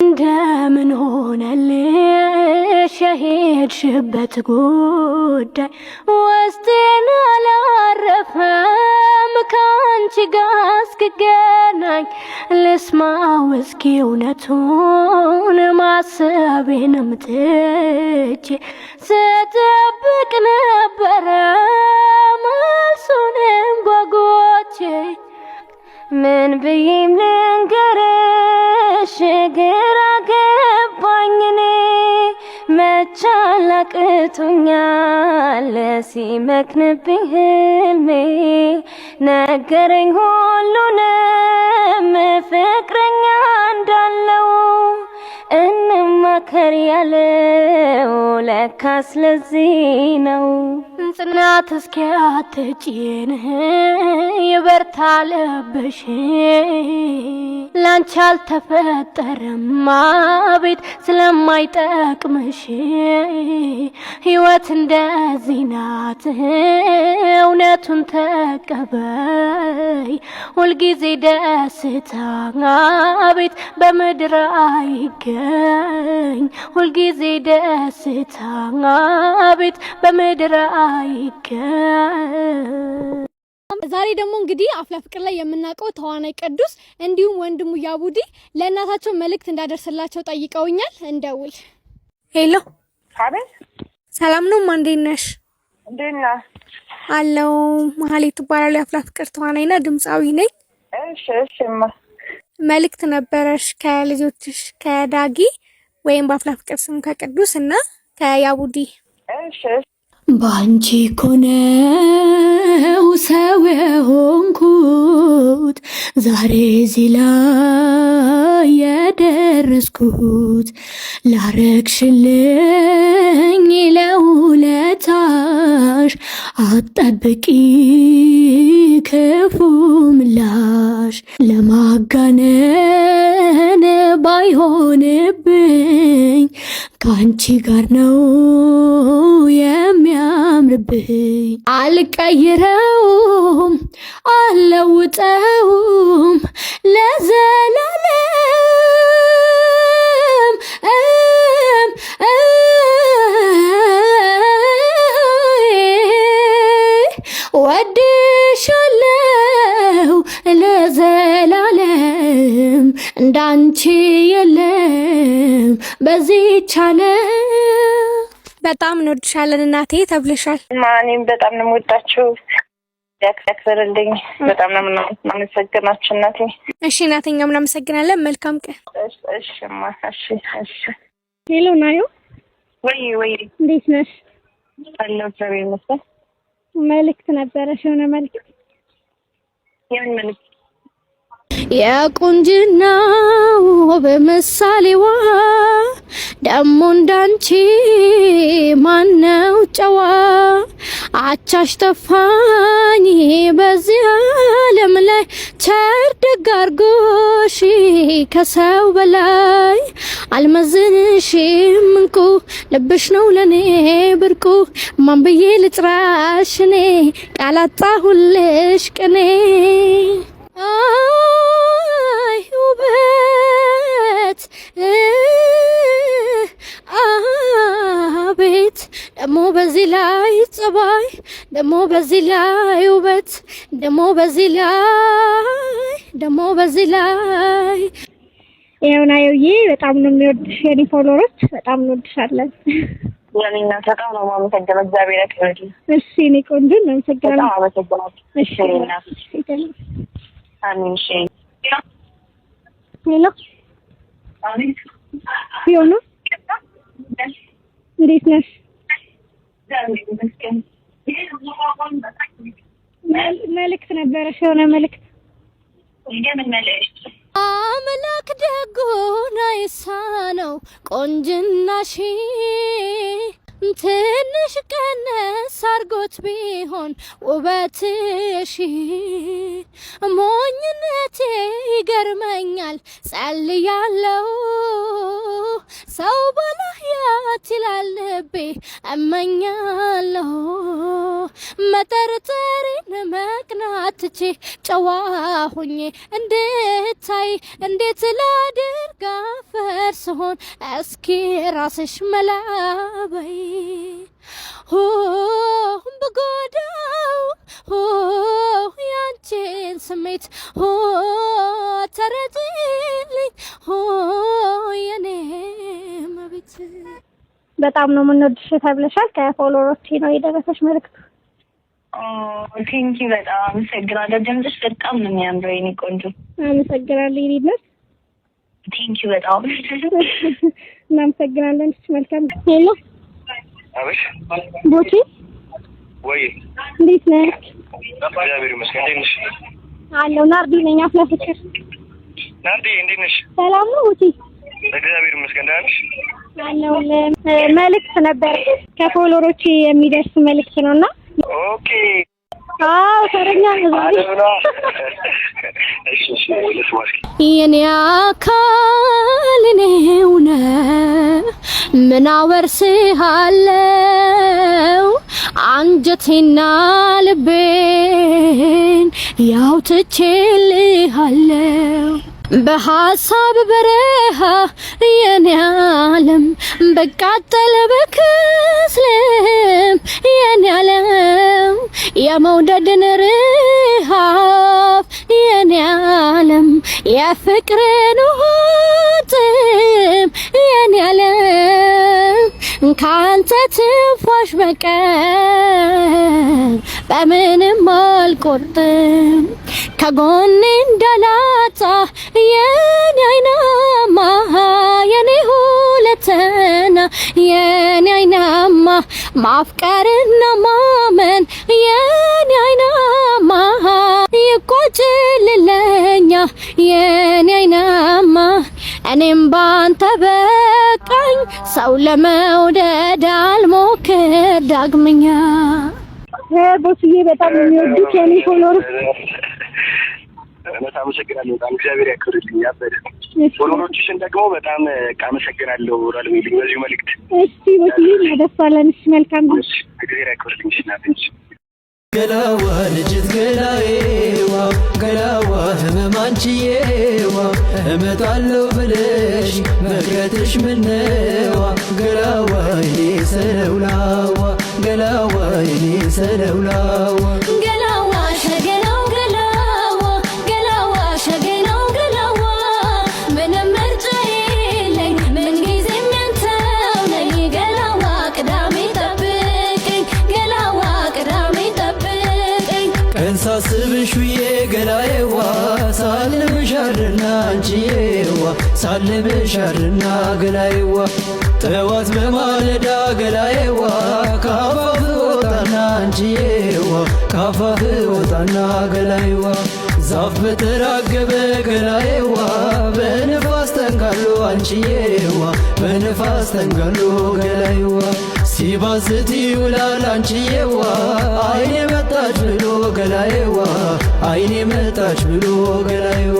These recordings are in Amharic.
እንደምን ሆነልሽ የሄድሽበት ጉዳይ ውስጤን አላረፈም ከአንቺ ጋር እስክገናኝ ልስማው እስኪ እውነቱን ስጠብቅ ነበረ መልሱንም ምን ብዬም አቅቶኛል ሲመክንብኝ ህልሜ ነገረኝ ሁሉንም ፍቅረኛ እንዳለው እንማከር ያለው ለካስ ለዚህ ነው። ጽናት እስኪ አትጪን ይበርታ ለብሽ ላንቺ አልተፈጠረማ ቤት ስለማይጠቅምሽ ህይወት እንደዚህ ናት፣ እውነቱን ተቀበይ። ሁልጊዜ ደስታ ቤት በምድር አይገኝ ነኝ ሁልጊዜ ደስታ ቤት በምድር አይገኝ። ዛሬ ደግሞ እንግዲህ አፍላ ፍቅር ላይ የምናውቀው ተዋናይ ቅዱስ እንዲሁም ወንድሙ ያቡዲ ለእናታቸው መልእክት እንዳደርስላቸው ጠይቀውኛል። እንደውል። ሄሎ፣ ሰላም ነው ማ እንዴት ነሽ? እንዴት ነህ? አለው መሀሌ እባላለሁ። የአፍላ ፍቅር ተዋናይና ድምፃዊ ነኝ። እሺ፣ እሺ። መልእክት ነበረሽ ከልጆችሽ ከዳጊ ወይም በአፍላ ፍቅር ስም ከቅዱስ እና ከያቡዲ ባንቺ እኮ ሰው የሆንኩት ዛሬ እዚህ ላይ የደረስኩት ላረግሽልኝ ለውለታሽ አጠብቂ ክፉ ምላሽ ለማጋነን ባይሆንብኝ ከአንቺ ጋር ነው የሚያምርብኝ። አልቀይረውም አልለውጠውም ለዘላ እንዳንቺ የለም በዚህ ቻለ በጣም እንወድሻለን እናቴ ተብልሻል። እኔም በጣም ነው የምወዳችሁ። ያክበርልኝ። በጣም ነው የምናመሰግናችሁ እናቴ። እሺ እናቴ፣ እኛም እናመሰግናለን። መልካም ቀን። እሺማ። እሺ፣ እሺ። ሄሎ ናዩ፣ ወይ ወይ፣ እንዴት ነሽ? መልእክት ነበረሽ የሆነ መልእክት። የምን መልእክት? የቁንጅናው በምሳሌዋ ደሞ እንዳንቺ ማነው ጨዋ? አቻሽ ጠፋኝ በዚህ ዓለም ላይ ቸር ደግ አርጎሽ ከሰው በላይ አልመዝንሽም እንቁ ልብሽ ነው ለኔ ብርቁ ማን ብዬ ልጥራሽ እኔ ቃላጣሁልሽ ቅኔ አይ ውበት አቤት ደግሞ በዚህ ላይ ጸባይ ደግሞ በዚህ ላይ ውበት ደግሞ በዚህ ላይ ደግሞ በዚህ ላይ ይኸውና የውዬ በጣም ነው የሚወድሽ የኔ ፎሎወሮች በጣም እንወድሻለን። ለኔና በጣም ነው የማመሰግነው። እግዚአብሔር ያክብርልኝ። እሺ እኔ ቆንጆ ነው። አመሰግናለሁ። እሺ ሌላ ቢሆኑ እንዴት ነሽ? መልእክት ነበረሽ፣ የሆነ መልእክት አምላክ ደጉን አይሳነው ቆንጅናሽ ትንሽ ቀነስ አርጎት ቢሆን ውበትሽ ሞኝነቴ ይገርመኛል። ጸልያለው ሰው ባላህያት ይላል ልቤ እመኛለው መጠርጠሬን መቅናት ትቼ ጨዋ ሆኜ እንድታይ እንዴት ላድርግ አፈር ስሆን እስኪ ራስሽ መላበይ ሆሁም በጎዳው ያንቺን ስሜት ሆ ተረጅልኝ የኔ መቤት በጣም ነው የምንወድሽ ተብለሻል። ነው የደረሰሽ መልዕክቱ። ቴንኪ በጣም አመሰግናለሁ። ድምፅሽ በጣም ነው የሚያምረው የኔ ቆንጆ። አመሰግናለሁ ቴንኪ በጣም እናመሰግናለን። መልካም ሄሎ አበሽ ቦቼ ወይ እንዴት ነህ? እግዚአብሔር ይመስገን። እንዴት ነሽ? አለሁ። ናርዲ ነኝ። ፍቅር ናርዲ፣ እንዴት ነሽ? ሰላም ነው ቦቼ? እግዚአብሔር ይመስገን። ደህና ነሽ? አለሁ። መልዕክት ነበር ከፎሎሮቼ የሚደርስ መልዕክት ነውና ኦኬ የኔ አካል እኔው ምን አወርስሃለው አንጀቴና ልቤን ያው ትቼልሃለው በረሃ የኔ አለም በቃጠለ በክ የመውደድን ርሃፍ የኔ ዓለም የፍቅርን ውጥም የኔ ዓለም ከአንተ ትንፋሽ በቀር በምንም አልቆርጥም ከጎኔ እንዳላጣ የኔ አይናማ የኔ ሁለተና ማፍቀርና ማመን የኔ አይናማ ይቋጭልለኛ የኔ አይናማ እኔም ባንተ በቃኝ ሰው ለመውደድ አልሞክር ዳግመኛ። ቦስዬ በጣም የሚወዱት የኔ ፎሎወርስ በጣም አመሰግናለሁ። በጣም እግዚአብሔር ያክብርልኝ። ፎሎወሮችሽን ደግሞ በጣም አመሰግናለሁ። ራልሚልኝ በዚሁ መልእክት እስቲ ወኪል ያደፋለን። እሺ መልካም ነሽ። እግዚአብሔር ያክብርልኝ። ሽናትንች ገላዋ ልጅት ገላዋ ገላዋ ህመም አንቺዬዋ እመጣለሁ ብለሽ መቅረትሽ ምነዋ ገላዋ ይኔ ሰለውላዋ ገላዋ ይኔ ሰለውላዋ ያልብሻልና ገላይዋ ጠዋት በማለዳ ገላይዋ ካፋፍ ወጣና አንቺዬዋ ካፋፍ ወጣና ገላይዋ ዛፍ በተራገበ ገላይዋ በንፋስ ተንጋሎ አንቺዬዋ በንፋስ ተንጋሎ ገላይዋ ሲባዝት ይውላል አንቺዬዋ አይኔ መጣች ብሎ ገላይዋ አይኔ መጣች ብሎ ገላይዋ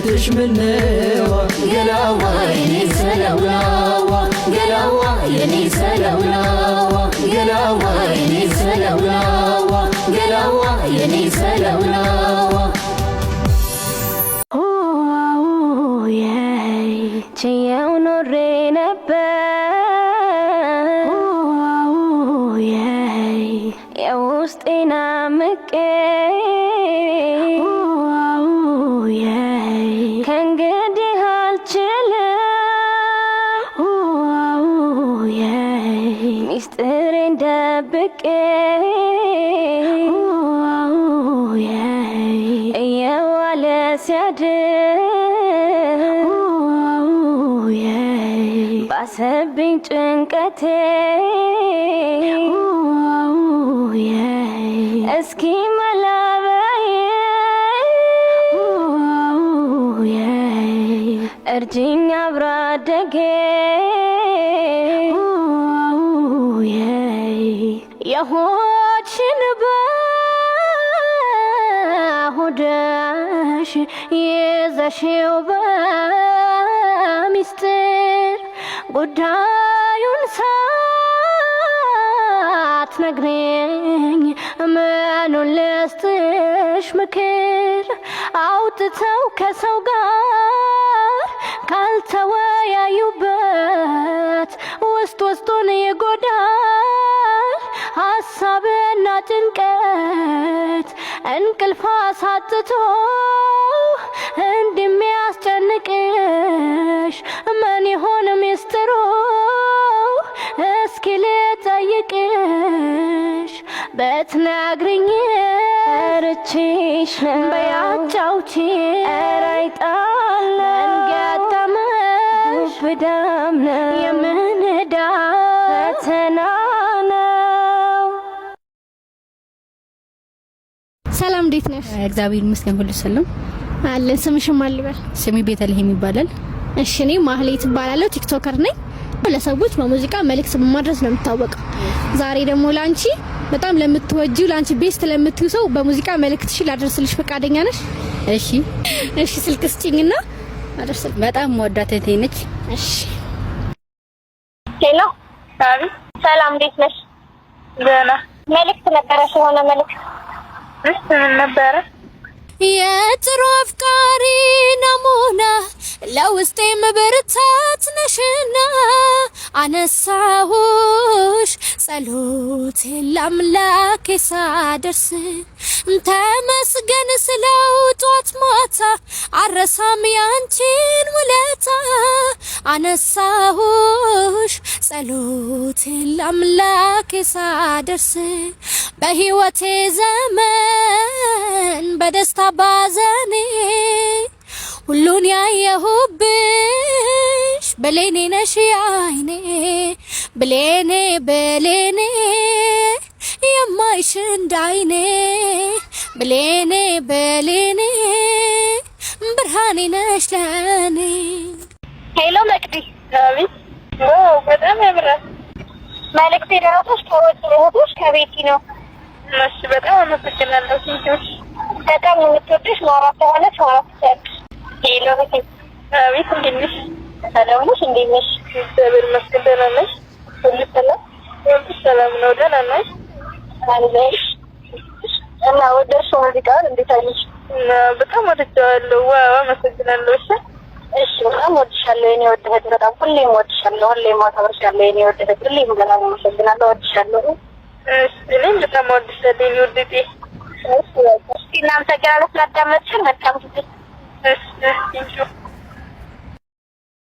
قلتش من نوا قلاوة ينيسة لولاوة قلاوة ينيسة لولاوة قلاوة ينيسة لولاوة قلاوة ينيسة لولاوة ሚስጥሬን ደብቄ እየዋለ ሲያድር ባሰብኝ ጭንቀቴ እስኪ መላበይ እርጅኛ አብራደጌ የሆድሽን በሆድሽ ይዘሽው በሚስጥር ጉዳዩን ሳትነግሪኝ ምኑን ልስጥሽ ምክር አውጥተው ከሰው ጋር ካልተወያዩበት ውስጥ ውስጡን የጎዳ ሀሳብና ጭንቀት እንቅልፍ አሳጥቶ እንደሚያስጨንቅሽ ምን ይሆን ሚስጥሩ? እስኪ ልጠይቅሽ ብትነግሪኝ ርችሽ በያጫውቺ እግዚአብሔር ይመስገን ሁሉ ሰላም አለን። ስምሽን ማን ልበል? ስሜ ቤተልሔም ይባላል። እሺ፣ እኔ ማህሌት እባላለሁ። ቲክቶከር ነኝ። ለሰዎች በሙዚቃ መልእክት በማድረስ ነው የምታወቀው። ዛሬ ደግሞ ላንቺ በጣም ለምትወጂው ላንቺ ቤስት ለምትዩ ሰው በሙዚቃ መልእክትሽ ላደርስልሽ ፈቃደኛ ነሽ? እሺ፣ እሺ። ስልክ ስጪኝና አደርስል። በጣም ወዳት እህቴ ነች። እሺ። ሄሎ፣ ሰላም፣ እንዴት ነሽ? ደህና። መልእክት ነበረሽ የሆነ መልእክት ነበረ የጥሩ አፍቃሪ ናሙና ለውስጤም ብርታት ነሽና አነሳሁሽ ጸሎት ለአምላክ ሳደርስ ተመስገን ስለው ጧት ማታ አረሳም ያንቺን ውለታ አነሳሁሽ ጸሎት ለአምላክ ሳደርስ بهيوتي زمان بدست بازاني ولوني يا هوبش بليني نشي عيني بليني بليني يما يشند عيني بليني بليني برهاني نشلاني هيلو مكدي سامي واو بدأ مبرا مالك في راتش كويتي راتش كويتي نو እሺ፣ በጣም አመሰግናለሁ። ቴንኪዎች በጣም የምትወድሽ ማራት ከሆነች ማራት ትችያለሽ። ሄሎ፣ አቤት፣ እንዴት ነሽ? ሰላም ነሽ? እንዴት ነሽ? እግዚአብሔር ይመስገን። ደህና ነሽ? ሁሉ ሰላም? ሁሉ ሰላም ነው። ደህና ነሽ? አለሽ እና ወደድሽው ሙዚቃውን እንዴት አለሽ? በጣም ወድጀዋለሁ። ዋው፣ አመሰግናለሁ። እሺ፣ እሺ፣ በጣም ወድሻለሁ የኔ ወድ እህት፣ በጣም ሁሌም ወድሻለሁ። ሁሌም ማታወርሻለሁ የኔ ወድ እህት፣ ሁሌም በጣም አመሰግናለሁ። ወድሻለሁ እኔም በጣም ወድሰልኝ ውድጤ እናንተ ገና ላዳመጥሽን መልካም ጊዜ